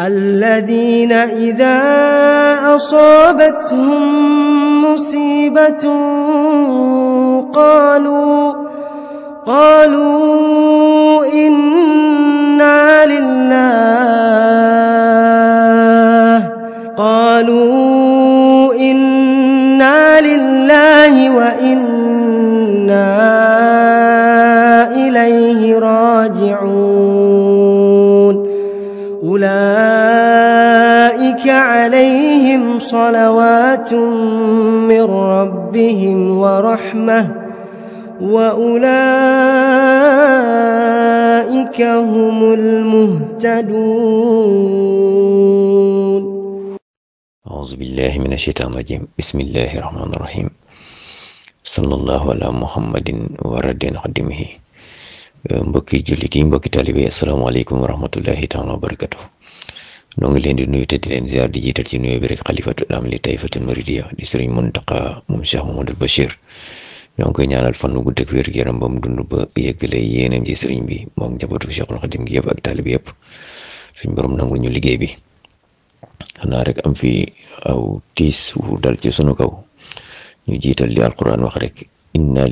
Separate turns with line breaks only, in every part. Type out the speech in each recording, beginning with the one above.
الذين إذا أصابتهم مصيبة قالوا قالوا إنا لله قالوا إنا لله وإنا إليه راجعون أولئك عليهم صلوات من ربهم ورحمة وأولئك هم المهتدون أعوذ
بالله من الشيطان الرجيم بسم الله الرحمن الرحيم صلى الله على محمد ورد قدمه mbokki jullit yi mbokki taalibe yi asalaamaaleykum wa rahmatullahi taala wa barakatu noo ngi leen di nuyu di jiital ci nuyu bi rek xalifatu am li tayfatul muridiya di sëriñ Muntaqa moom Cheikh Mamadou Bachir ñoo ngi koy ñaanal fan wu gudd ak wér gu yaram ba mu dund yeggale yéenam ci sëriñ bi moom njabootu Cheikhul Xadim gi yëpp ak taalibe yëpp suñu borom nangul ñu liggéey bi rek am fi aw tiis wu dal ci sunu kaw ñu jiital li alquran wax rek inna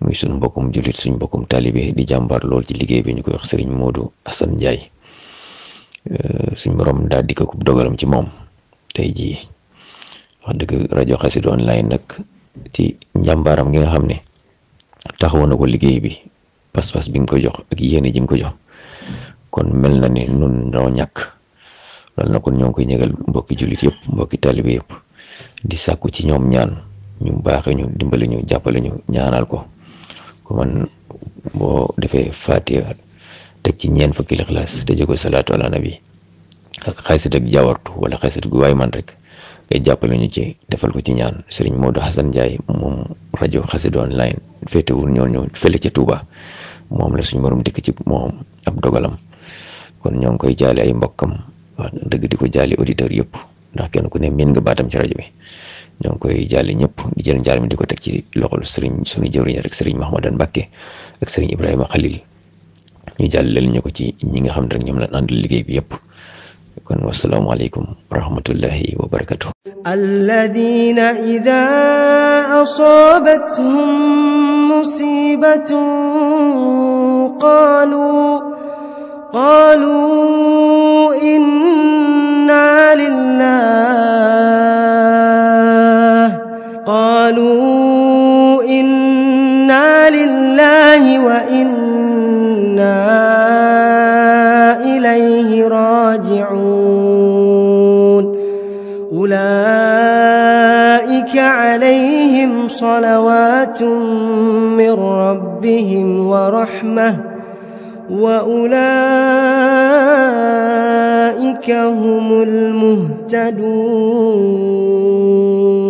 muy bokum mbokkum julit suñ tali talibé di jambar lol ci liggéey bi ñu koy wax serigne Modou Assane euh suñ borom daal di ko kub dogalam ci mom tay ji wax deug radio Xassida online nak ci jambaram gi nga xamné ne ko liggéey bi pas-pas bi nga ko jox ak yene ji ko jox kon melna ni nun do ñak lol nak ñong koy ñëgal mbokki julit yépp mbokki talibé yépp di sakku ci ñom ñaan ñu baaxe ñu dimbalé ñu jappalé ñu ñaanal ko man boo defee fatiha dek ci ñeen fukki lixlaas tëjee ko salaatu ala nabi ak xaysit ak jawartu wala xaysit gu waay man rek nga jàppale ñu ci defal ko ci ñaan sëriñ Modou Hassan Ndiaye moom rajo xasid online féetewul ñoo ñëw fële ca Touba moom la suñ borom dikk ci moom ab dogalam kon ñoo ngi koy jaale ay mbokkam wax dëgg di ko jaale auditeurs yëpp. ndax kenn ku ne min nga batam ci rajo bi ñong koy jàlli ñep di jël njaal mi di ko ci loxol serigne suñu jëwriñ rek sëriñ mahamadan bakke ak serigne ibrahima khalil ñu jallel ñuko ci ñi nga xam rek ñom la àndal liggey bi yep kon wasalaamaaleykum warahmatullahi wa barakatuh
alladina ida asabatuhum musibatun qalu qalu قالوا إنا لله وإنا إليه راجعون أولئك عليهم صلوات من ربهم ورحمة وأولئك هم المهتدون